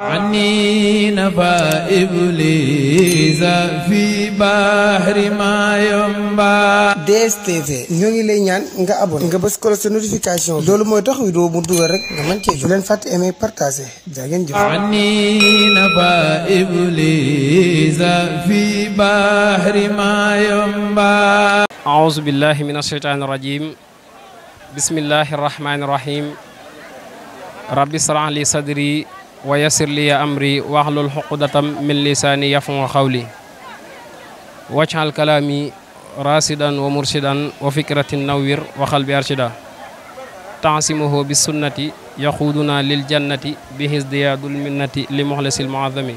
عني نفى إبليس في بحر ما ينبع DSTV ñoo ngi lay ñaan nga abonné nga bës ko sa notification loolu mooy tax vidéo mu dugal rek nga mën cee jox leen fàtte aimer partager jaa ngeen jëf عني نفى إبليس في بحر ما ينبع أعوذ بالله من الشيطان الرجيم بسم الله الرحمن الرحيم رب اشرح لي صدري ويسر لي أمري واحلل حقدة من لساني يفهم قولي واجعل كلامي راسدا ومرشدا وفكرة نوير وقلب أرشدا تعصمه بالسنة يخودنا للجنة بهزدية المنة لمخلص المعظم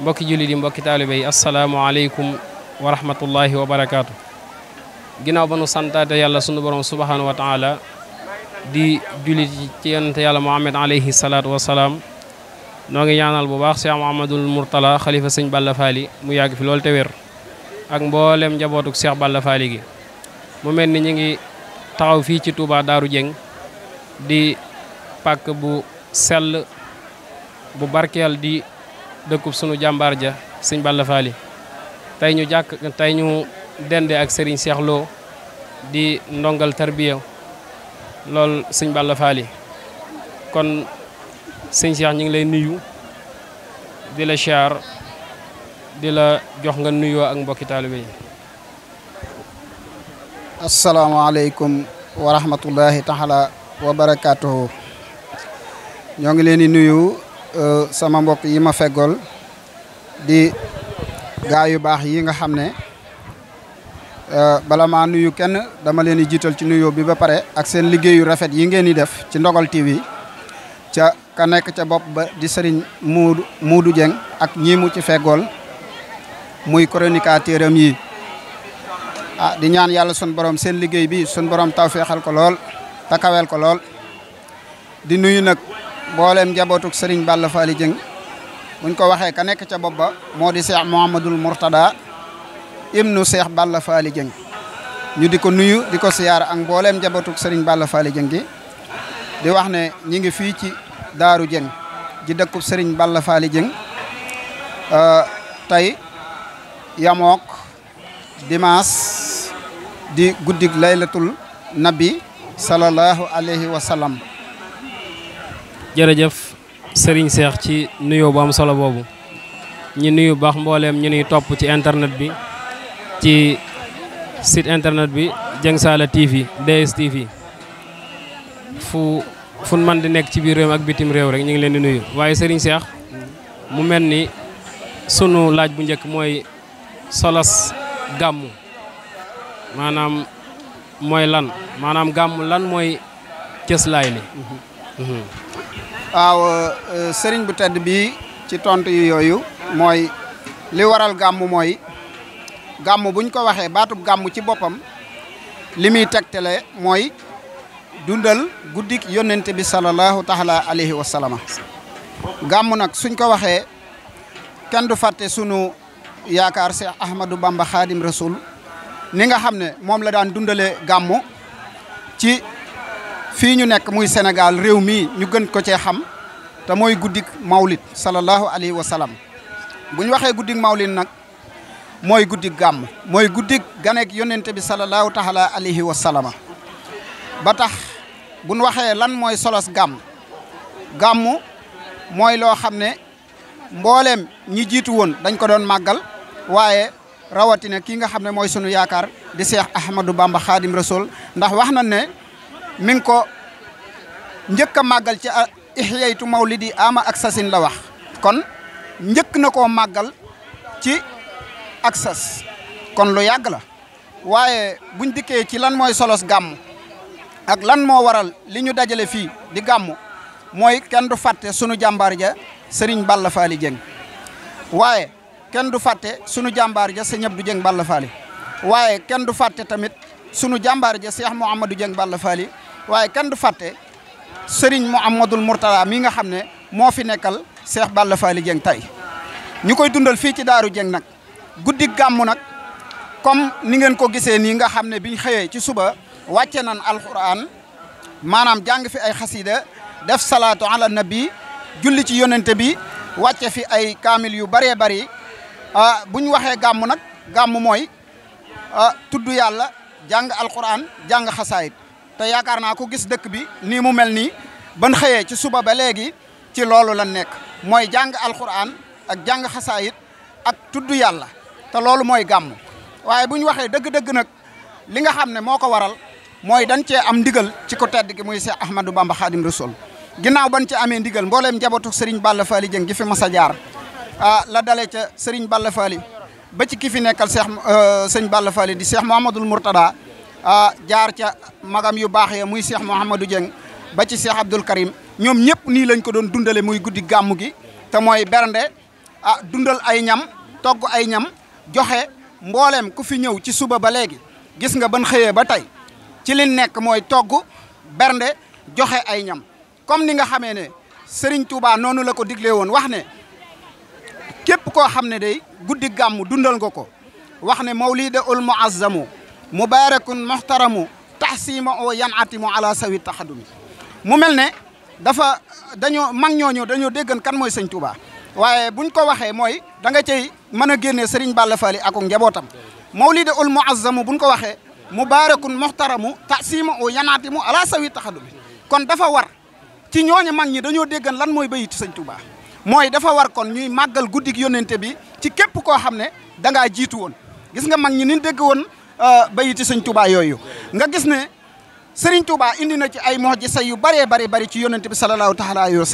بك جلد بك طالبي السلام عليكم ورحمة الله وبركاته جنا بنو سانتا يالا سونو بروم سبحانه وتعالى di julli ci yonent yalla muhammad alayhi salatu wassalam no ngi ñaanal bu baax cheikh muhammadul murtala khalifa seigne balla fali mu yag fi lol te wer ak mbollem njabotuk cheikh balla fali gi mu melni ñi ngi taxaw fi ci Touba daru jeng di pak bu sel bu barkel di dekkup sunu jambarja ja seigne balla fali tay ñu jak tay ñu dende ak serigne Cheikh Lo di ndongal tarbiya Lol seigne Balla fali kon seigne Cheikh ñi ngi lay nuyu di la xiar di la jox nga nuyu ak mbokki talibé assalamu alaykum wa rahmatullahi taala wa barakatuh ñoo ngi leen di nuyu euh, sama mbokk yi ma fegol di gaay yu bax yi nga xamne Eh, bala ma nuyu kenn dama leni jital ci nuyo bi ba pare ak seen rafet yi ngeen ni def ci Ndogal TV ca ka nek ca bop ba di serigne Muudu Muudu jeng ak ñi mu ci fegol muy chronicateuram yi ah di ñaan yalla sun borom seen liggéey bi sun borom tawfiixal ko takawel ko lol di nuyu nak bolem sering serigne Balla fali jeng buñ ko waxe ka nek ca bop ba modi Cheikh mohamadul murtada ibnu Seex Balla Faali Jeng ñu di ko nuyu di ko siyaar ak mbooleem njabootug sëriñ Balla Faali Jeng gi di wax ne ñi ngi fii ci Daaru Jeng ji dëkkub sëriñ Balla Faali Jeng äh, tey yamook dimaas di guddig laylatul nabi sallallahu alayhi wa sallam jërëjëf sëriñ Seex ci nuyoo bu am solo boobu ñi nuyu baax mbooleem ñu nuy topp ci internet bi ci site internet bi jeng Saala TV DSTV fu fun man di nek ci bi rew ak bitim rew rek ñi ngi leen di nuyu waye Serigne Cheikh mu melni ni sunu laaj bu ñeek moy solas gàmmu manam moy lan Manam gamu lan mooy lay ni Aw serigne bu tedd bi ci tontu yoyu moy li waral gamu moy gàmm buñ ko waxee baatub gàmm ci boppam li muy tegtale mooy dundal guddik yónnente bi sallallahu taala alayhi wa salama gàmm nag suñ ko waxee kenn du fàtte sunu yaakaar Seex Ahmadou Bamba Xaadim resul ni nga xam ne moom la daan dundale gàmmu ci fii ñu nekk muy senegal réew mi ñu gën ko cee xam te mooy guddik mawlid sallallahu alayhi wa salam bu ñu waxee guddik mawlid nag mooy guddi gàmm mooy guddi ganeek yonente bi salallaahu taala alayhi wa salama ba tax buñ waxee lan mooy solos gàmm gàmm mooy loo xam ne mboolem ñi jiitu woon dañ ko doon màggal waaye rawatina kii nga xam ne mooy sunu yaakaar di seex Ahmadou Bamba Khadim Rasoul ndax wax na ne mi ngi ko njëkk a màggal ci ihyaytu mawlidi ama ak sasin la wax kon njëkk na koo màggal ci ak sas kon lu yàgg la waaye buñ dikkee ci lan mooy solos gàmmu ak lan moo waral li ñu dajale fii di gàmm mooy kenn du fàtte sunu jàmbaar ja sëriñ Balla Faali waaye kenn du fàtte sunu jàmbaar ja sëñ Abdou Balla Faali waaye kenn du fàtte tamit sunu jàmbaar ja Cheikh Mouhamadou Jeng Balla Faali waaye kenn du fàtte sëriñ Mouhamadul Mourtada mi nga xam ne moo fi nekkal Cheikh Balla Faali Jeng tey ñu koy dundal fii ci Daaru Jeng nag guddi gamu nak comme ni ngeen ko gisee ni nga xamne biñ xeye ci suba wacce nan alquran manam jang fi ay khasida def salatu ala nabi julli ci yonente bi wacce fi ay kamil yu bare bare ah buñ waxe gamu nak gamu moy ah tuddu yalla jang alquran jang khasaid te yakarna ko gis dekk bi ni mu melni ban xeye ci suba ba legi ci loolu la nek moy jang alquran ak jang khasaid ak tuddu yalla té loolu moy gam waye buñ waxé deug deug nak li nga xamné ne waral moy dañ ci am ndigal ci ko tedd gi muy Cheikh Ahmadou Bamba Khadim Rasoul ginaaw ban ci amé ndigal mbolém jabotou Serigne Balla Fally Dieng gi fi massa jaar ah la dalé ci Serigne Balla Fally ba ci kifi nekkal Cheikh eh, Serigne Balla Fally di Cheikh Mouhamadul Murtada ah jaar ci magam yu bax ya muy Cheikh Mouhamadou Dieng ba ci Cheikh Karim ñom ñëpp ni lañ ko doon dundalé muy guddi gamu gi té moy bernde ah dundal ay ñam togg ay ñam joxe mbooleem ku fi ñëw ci suba ba léegi gis nga ban xëyee ba tey ci li nekk mooy togg bernde joxe ay ñam comme ni nga xamee ne Serigne Touba noonu la ko diglee woon wax ne képp koo xam ne day guddi gàmm dundal nga ko wax ne mawlida ul muazzamu mubarakun muhtaramu tahsima o yan atimu ala sawi taxadumi mu mel ne dafa dañoo mag ñooñu dañoo déggan kan mooy sëñ Touba waaye buñ ko waxee mooy danga nga cey mën a génnee Serigne Balla Fally ak njabootam mawlida ul bu buñ ko waxee mu mubarakun muhtaramu tasima yanaati mu alaa sawi taxadu bi kon dafa war ci ñooñu mag ñi dañoo déggan lan mooy bayit Sëñ Touba mooy dafa war kon ñuy màggal guddi yónnente bi ci képp koo xam ne da ngaa jiitu woon gis nga mag ñi ni dégg woon euh, bayiti Sëñ Touba yooyu nga gis ne Serigne Touba indi na ci ay mox ji say yu bëree bari bëri ci yónnente bi sallallahu taala alayhi wa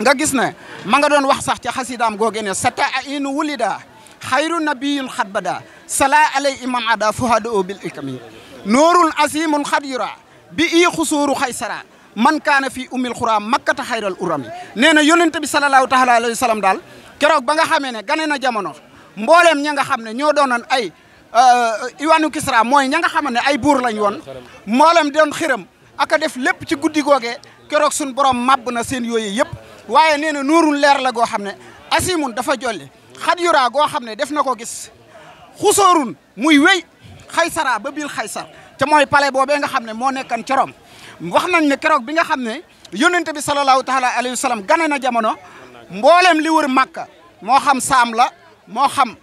nga gis ne ma nga doon wax sax ci xasidaam googe ne sata a wulida xayru nabiyun xat sala alay imam ada fuhada bil ikami nurun asimun xadira bi i xusuuru xaysara man kaana fi umil xura makkata xayral urami nee na yonent bi salallahu taala alayhi wa sallam daal keroog ba nga xamee ne gane na jamono mbooleem ña nga xam ne ñoo doonoon ay iwanu kisra mooy ña nga xam ne ay buur lañ woon mbooleem doon xiram aka def lépp ci guddi googee keroog suñ borom màbb na seen yooyu yëpp waye neena na leer la go xamne asimun dafa jolle khadira go xamne def nako gis khusurun muy wéy khaysara ba bil khaysar te moy palais bobé nga xamne mo nekkan ci rom wax nañ ne kérok bi nga xamne yonnante bi sallallahu taala alayhi wasallam ganena jamono mbollem li wër Makka mo xam sam la mo xam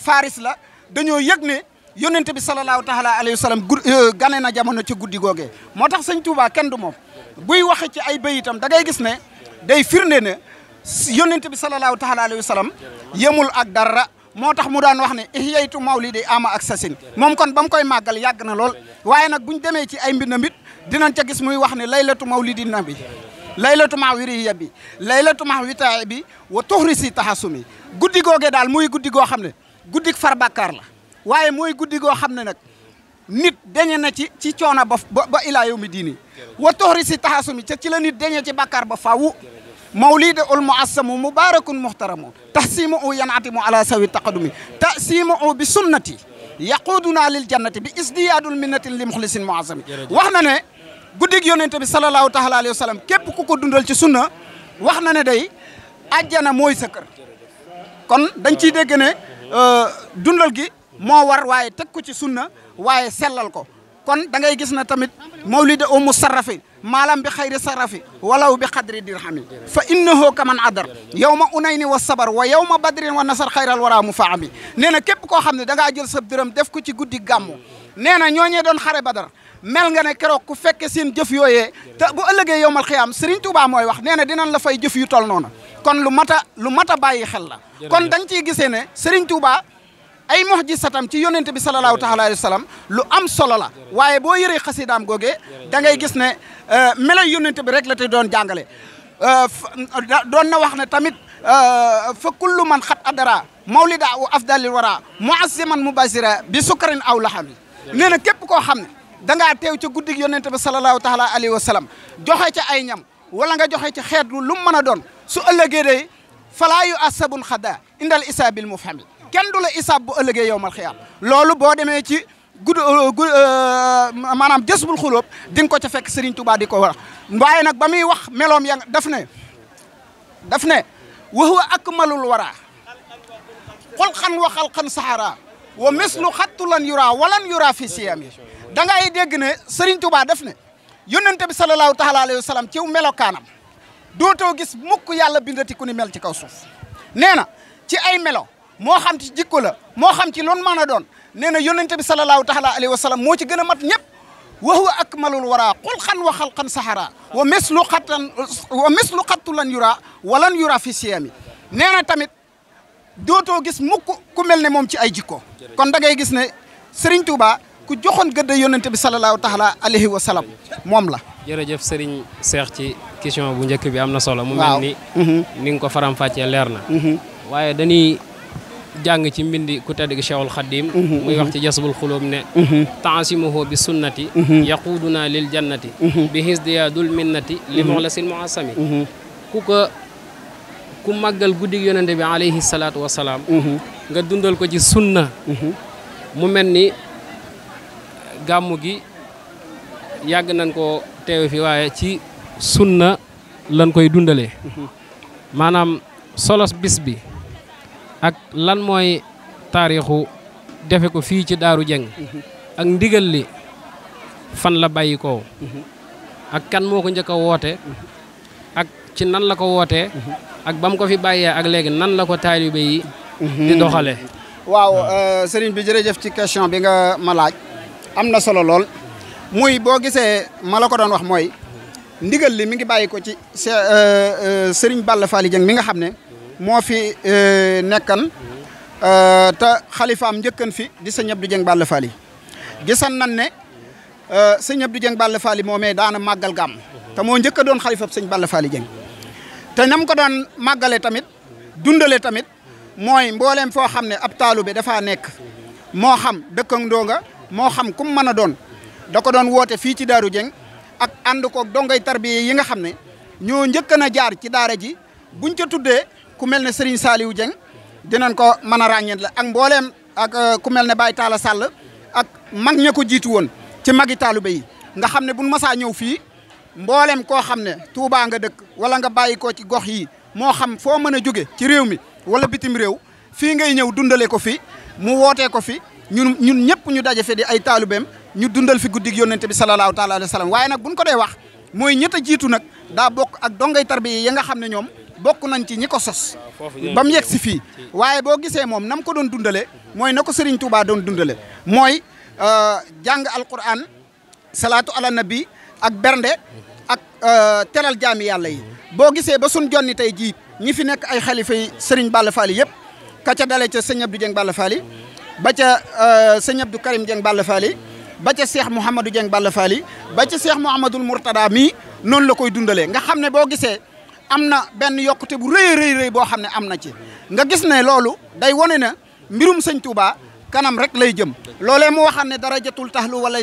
Faris la dañoo yëg ne yónnente bi sallallahu taala alayhi wasallam ganena jamono ci guddi googee moo tax sëñ Tuubaa du mom buy waxe ci ay beuyitam da ngay gis ne day firnde ne yonent bi sallallahu taala alayhi wasallam sallam yemul ak dara motax mu daan wax ne ihyaytu mawlidi ama ak sasin mom kon bam koy magal yag na lol waye nak buñ deme ci ay mbindam it dinañ ca gis muy wax ne laylatu mawlidi nabi laylatu mawiri yabi bi laylatu ma bi wa tuhrisi tahasumi guddigo ge dal muy guddigo xamne xam farbakar la waye moy guddigo xamne nak nit dañe na ci ci coono ba ba ila yawmi dini wa toxri si taxasumi ci la nit dañe ci bàkkaar ba faawu mawlid ul muassamu mubarakun muhtaramu tahsimu u yanatimu ala sawi taqadumi tahsimu u bi sunnati yaquduna lil jannati bi isdiyadul minnatin li muxlisin muassami wax ne guddig yonente bi salallahu taala alayhi wa sallam ku ko dundal ci sunna wax ne day ajjana mooy sa kër kon dañ dégg ne dundal gi mo war waye tek ko ci sunna waye selal ko kon da ngay gis na tamit mawlida u musarrafi malam bi khayri sarrafi walaw bi qadri dirhami fa innahu kaman adar yawma unayni was sabr wa yawma ma badrin wa nasr khayral wara mufa'ami neena kep ko xamne da nga jël sa deureum def ko ci goudi gàmmu neena ñoñe don xare badar mel nga ne keroog ku fekke seen jëf yoyé te bu ëllëgé yowmal xiyaam Serigne Touba moy wax neena dinañ la fay jëf yu tol noonu kon lu mata lu mata bàyyi xel la kon dañ ci gisé ne Serigne Touba ay muhjisatam ci yonnentibi sallallahu taala alayhi wa lu am solo la waye bo yere xasidaam goge da ngay gis ne melay yonnentibi rek la tay don jàngale don na wax ne tamit fa kullu man khat adara mawlida wa afdalil wara mu'azziman mubasira bi sukkarin aw laxami neena kep ko xamne da nga tew ci ca guddig yonent bi taala alayhi wa joxe ci ay ñam wala nga joxe ci xet lu mu meena don su ëllëgé day fala yu asabun khada indal isabil mufhamil kenn du la isaab bu ëllëgee yow mal xiyaam loolu boo demee ci gudd euh, gu euh, maanaam jës bul xulóob ko ca fekk Serigne tubaa di ko wara waaye nag ba muy wax meloom ya daf ne daf ne wa huwa akmalul wara xulxan wa xalxan saxara wa mislu xattu lan yura walan yura fi siyam yi da ngay dégg ne Serigne Touba daf ne yónnente bi salallaahu taala alayhi wa sallam ciw melokaanam dootoo gis mukk yàlla bindati ku ni mel ci kaw suuf nee na ci ay melo moo xam ci jikko la moo xam ci loon mën a doon nee na yonente bi salallaahu taala alayhi wa sallam moo ci gën a mat ñëpp wa huwa akmalul wara xulxan wa xalqan saxara wa mislu xattan wa mislu xattu lan yura walan yura fi siyami nee na tamit dootoo gis mukk ku mel ne moom ci ay jikko kon da ngay gis ne Serigne Touba ku joxoon gëdd yonente bi salallaahu taala alayhi wa sallam moom la jërëjëf Serigne Cheikh ci question bu njëkk bi am na solo mu mel ni mhm. ni ko faram fàccee leer na mhm. jàng ci mbindi ku tedd gi Cheikhul Khadim mhm, mhm. muy wax ci jasbul xulóom ne mhm. taasimuhu bi sunnati yaquduna lil jannati bi hisdiya dul minnati li moxlasil muasami ku ko ku màggal guddig yonente bi alayhi salaatu wasalaam nga dundal ko ci sunna mu mel ni gàmmu gi yàgg nañ koo teewe fi waaye ci sunna lan koy dundalee maanaam solos bis bi ak lan mooy taarixu defe ko fii ci Daaru Jeng ak ndigal li fan la bàyyi koo ak kan moo ko njëkk a woote ak ci nan la ko wootee ak bam ko fi bàyyee ak léegi nan la ko taalibe yi di doxale waaw euh, sëriñ bi jëf ci question bi nga ma laaj am na solo lool muy boo gisee ma la ko doon wax mooy ndigal li mi ngi bàyyi ko ci euh, euh, sëriñ Balla Faly Dieng mi nga xam ne moo fi euh, nekkan euh, te xalifaam njëkkan fi di sëñ Abdou Dieng Balla Fally gisan nan ne euh, sëñ Abdou Dieng Balla Fally moomee daana màggal gam te moo njëkka doon xalifaab sëñ Balla Fally Dieng te nam ko doon màggale tamit dundale tamit mooy mbooleem foo xam ne ab taalu bi dafaa nekk moo xam dëkkandoo nga moo xam kum mën a doon da ko doon woote fii ci Daaru Dieng ak ànd koog dongay tarbiye yi nga xam ne ñoo njëkk a jaar ci daara ji buñ ca tuddee ku mel ne Serigne Saliou jeng dinañ ko mën a ràññee la ak mbooleem ak euh, ku mel ne Baye Talla sàll ak mag ña ko jiitu woon ci magi taalibe yi nga xam ne buñ masaa ñëw fii mbooleem koo xam ne Touba nga dëkk wala nga bàyyi ko ci gox yi moo xam foo mën a jóge ci réew mi wala bitim réew fii ngay ñëw dundale ko fi mu wootee ko fi ñun ñun ñëpp ñu daje fi di ay taalubeem ñu dundal fi guddig yónnente bi salallaahu taala alayhi wa waaye nag buñ ko dee wax mooy ñett a jiitu nag daa bokk ak dongay tarbiya yi nga xam ne ñoom bokk nañ ci ñi ko sos ba mu yegg si fii waaye boo gisee moom nam ko doon dundale mooy na ko Serigne Touba doon dundale mooy euh, jàng alquran salaatu ala nabi ak bernde ak euh, teral jaami yàlla yi boo gisee ba sun jonni tey jii ñi fi nekk ay xalifa yi Serigne Balla Fally yëpp ka ca dale ca sëñ Abdou Balla Fally ba ca euh, sëñ Abdou Karim Dieng Balla Fally ba ca Cheikh Mouhamadou Dieng Balla Fally ba ca Cheikh Mouhamadoul Mourtada mii noonu la koy dundalee nga xam ne boo gisee amna beni yokute tebu bu reey reey reey bo xamne amna na ci nga gis ne loolu day woné na mbirum sëñ Touba kanam rek lay jëm lolé mu waxane darajatul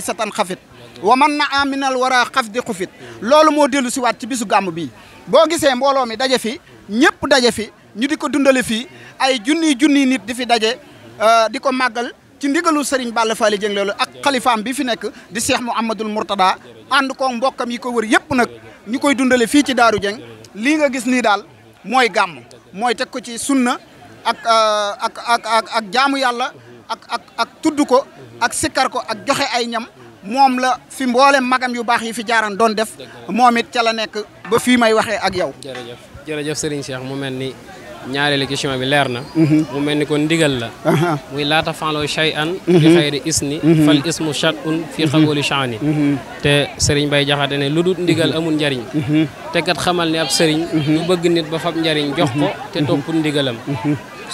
satan khafit wa man na aminal war a xaf di xufit loolu moo dellu ci bisu gamu bi bo gisé mbolo mi daje fi ñepp daje fi ñu diko dundalé dundale ay junni junni nit di fi daje euh, di magal ci ndigalu Serigne Balla fali jeng lolou ak xalifaam bi fi nek di Cheikh Mouhamadoul murtada and ko mbokam yi ko wër yëpp nak ñukoy dundalé dundale ci daru jeng lii nga gis nii daal mooy gàmm mooy teg ko ci sunna na euh, ak ak ak jaamu yàlla ak ak ak tudd ko ak sikkar ko ak joxe ay ñam moom la fi mboolem magam yu baax yi fi jaaran doon def moom it ca la nekk ba fii may waxee ak yow. jërëjëf jërëjëf Serigne mu mel ni ñaareelu question bi leer na mhm. mu mel ni kon ndigal la muy laata fanloo shay an bi mhm. xayri isni mhm. fal ismu chat un fii xabooli chaani te sëriñ Bay Jaxate ne lu dul ndigal amul njariñ te kat xamal ne ab sëriñ lu bëgg nit ba fab njariñ jox ko te topp ndigalam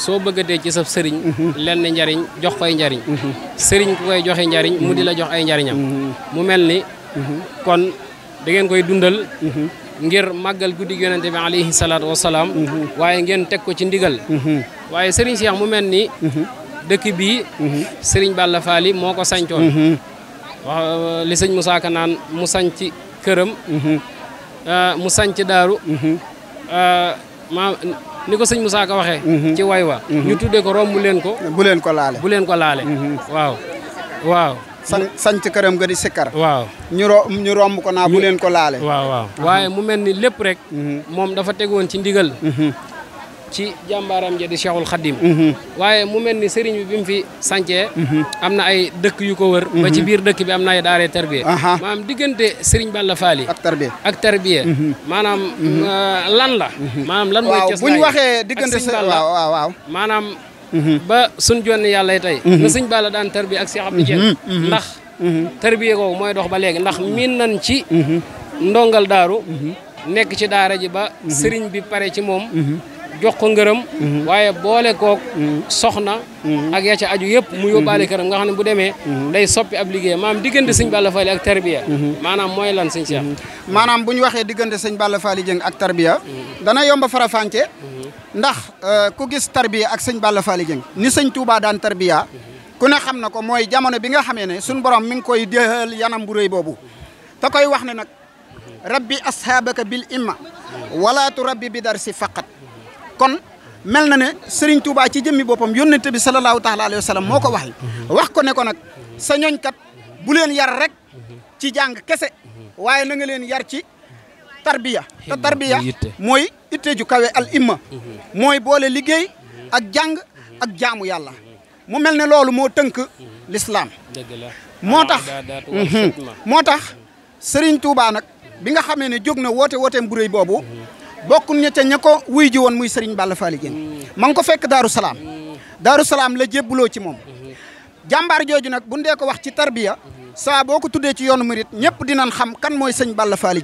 soo bëggatee ci sab sëriñ lenn njariñ jox koy njariñ sëriñ ku koy joxe njariñ mu di la jox ay njariñam mu mel ni kon da koy dundal ngir màggal guddi yonente bi alayhi salaatu wasalaam waaye ngeen teg ko ci ndigal waaye Serigne Cheikh mu mel ni dëkk bii Serigne Balla Faali moo ko sancoon wax li sëñ Moussa Ka naan mu sanc këram ah, mu sañc daaru ah, ni ko sëñ Moussa Ka waxe ci way ñu tuddee ko romb leen ko bu leen ko laale bu leen ko laale mhm. waaw waaw sanc këram ga di sikkar waaw ñu ro ñu romb ko naa bu leen ko laale waaw waaw mhm. waaye mu mel ni lépp rek mhm. moom dafa tegoon ci ndigal mhm. ci jàmbaaram ja di Cheikhul Khadim waaye mu mel ni sëriñ bi bi mu fi sancee am na ay dëkk yu ko wër ba ci biir dëkk bi am na ay daaree tarbiye maanaam diggante sëriñ Balla Faali ak tarbiye maanaam euh, lan la maanaam lan mooy cosaan buñ waaw maanaam ba suñ jonni yàlla tey mhm. na sëñ Balla daan tarbiya ak Cheikh Abdou Dieng mhm. Mhm. ndax tarbiya googu mooy dox ba léegi ndax miin nañ ci ndongal daaru nekk ci daara ji ba sëriñ bi pare ci moom jox ko ngërëm waaye boole kook soxna ak ya ca aju yëpp mu yóbbaale këram nga xam ne bu demee day soppi ab liggéey maanaam diggante sëñ Balla Fally ak tarbiya maanaam mooy lan sëñ Cheikh maanaam bu waxee diggante sëñ Balla Fally Dieng ak tarbiya dana yomba farafànce ndax euh, ku gis tarbiya ak seigne Balla fali Dieng ni seigne Touba dan tarbiya ku ne xam na ko mooy jamono bi nga xamee ne suñu borom mi ngi koy yanam bu bobu wax ne nak rabbi ashabaka bil imma wala turabbi bi darsi faqat kon melna sering ne Serigne Touba ci jëmmi bopam yonnate bi sallallahu taala alayhi wasallam moko moo wax ko ne ko nak sa ñooñ kat bu len yar rek ci jang kese waye na nga len yar ci tarbiya te tarbiya mooy itte ju kawe al imma mhm. mooy boole liggéey ak jàng ak jaamu yàlla mu mel ne loolu moo tënk lislaam moo tax mhm. moo tax Serigne Touba nag bi nga xamee ne jóg na woote wooteem bu rëy boobu mhm. bokk na ca ña ko wuy ji woon muy sëriñ Balla Fally Dieng ma ngi ko fekk Daaru Salaam Daaru Salaam la jébbuloo ci moom jàmbaar jooju nag bu ndee ko wax ci tarbiya saa boo ko tuddee ci yoonu murit ñëpp dinañ xam kan mooy sëñ Balla Fally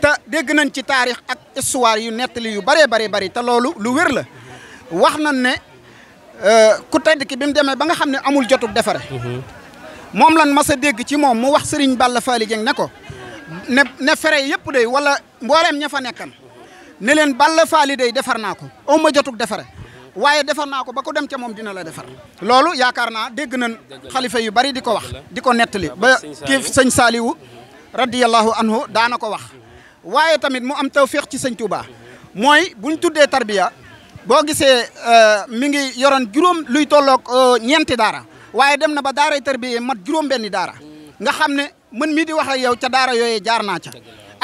te dégg nañ ci taarix ak histoire yu nettali yu bëree bëri bëri te loolu lu wér la wax nañ ne euh, ku tedd ki bi demee ba nga xam ne amul jotug defare mhm. moom lan masa dégg ci moom mu wax Serigne Balla Faly Dieng ne ko ne ne fere yëpp day wala mbooleem ña fa nekkan ne leen Balla Faly day defar naa ko aw ma jotug defare waaye defar naa ko ba ko dem ca moom dina la defar loolu yaakaar naa dégg nañ xalifa yu bari di ko wax di ko nettali ba kii sëñ Saliou radiyallahu ko wax waye tamit mu am tawfiq ci seigne Touba moy buñ tuddé tarbiya bo gisé euh mi ngi yoron juroom luy tolok euh, ñenti dara waye dem na ba dara tarbiya mat juroom benn dara, nga xamné man mi di wax ak yow ca dara yoyé jaar ca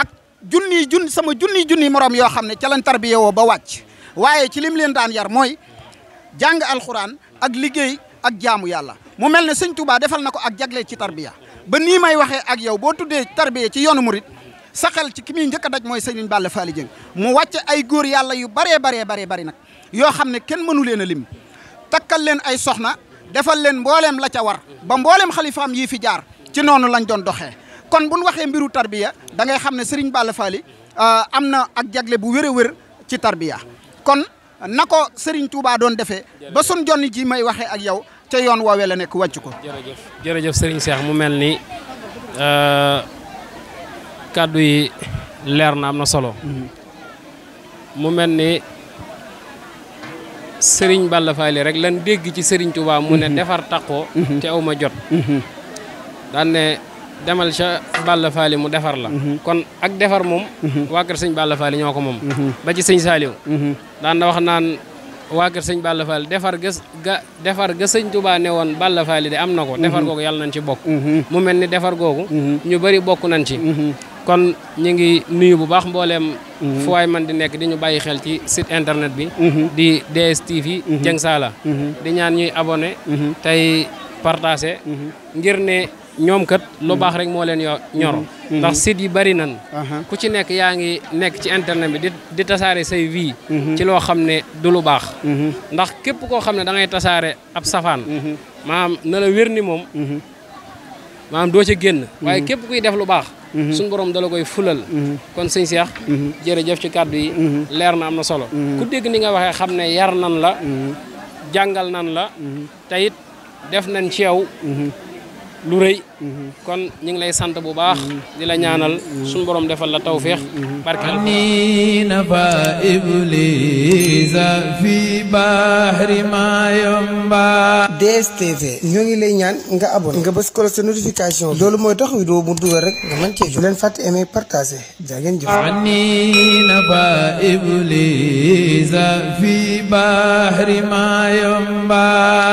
ak junni jun sama junni junni morom yo xamné ca lañ tarbiya wo ba wacc waye ci lim leen daan yar moy jang alquran ak liggéey ak jaamu yalla mu melni seigne Touba defal nako ak jaglé ci tarbiya ba ni may waxé ak yow bo tuddé tarbiya ci yoonu murit sa ci ki muy njëkk daj mooy Serigne Balla Fally Dieng mu wàcce ay góor yàlla yu baree baree baree bari nag yoo xam ne kenn mënu leen a lim takkal leen ay soxna defal leen mbooleem la ca war ba mbooleem xalifaam yii fi jaar ci noonu lañ doon doxee kon bu buñ waxee mbiru tarbiya dangay xam ne Serigne Balla Fally euh, am na ak jagle bu wér a ci tarbiya kon na ko Serigne Touba doon defee ba sun jonni ji may waxee ak yow ca yoon woowee la nekk wàcc ko. jërëjëf jërëjëf Serigne Cheikh mu mel ni. Euh, kàddu yi leer na am na solo mm-hmm. mu mel ni sëriñ Balla Fally rek lan dégg ci sëriñ Touba mu ne mm-hmm. defar taqoo mm-hmm. te ma jot daan ne demal ca Balla Fally mu defar la kon ak defar moom waa kër sëñ Balla Fally ñoo ko moom ba ci sëñ Saliou daan na wax naan waa kër sëñ Balla Fall defar ga ga defar ga sëñ Touba ne woon Balla Fall de am na ko mhm. defar googu yàlla nañ ci bokk mhm. mu mel ni defar googu mhm. ñu bari bokk nañ ci kon ñu ngi nuyu bu baax mbooleem fu waay man di nekk di ñu bàyyi xel ci site internet bi di DSTV Dieng Saala di ñaan ñuy abonné tey partagé ngir ne ñom kat lu mm. bax rek mo len yo ñoro mm-hmm. mm-hmm. ndax site yi bari nan uh-huh. ku ci nek yaangi nek ci internet bi di di say vie mm-hmm. ci lo xam ne du lu bax ndax képp ko xam ne da ngay tasaare ab safan maanaam na la wér mom moom do ci ca génn waaye képp kuy def lu bax suñu borom la koy fulal kon seigne Cheikh ci yi leer na am solo ku dégg ni nga yar nan la jangal nan la tayit def nan ci lu rëy kon ñu ngi lay sant bu baax di la ñaanal suñu borom defal la taw barkeel ni nafa iblisa fi bahri mayomba DSTV ñoo ngi lay ñaan nga abonné nga bës ko sa notification bi mooy tax vidéo bu dugal rek nga mën cee ju leen fàtte aimer partager jaa ngeen jëf ni nafa iblisa fi bahri mayomba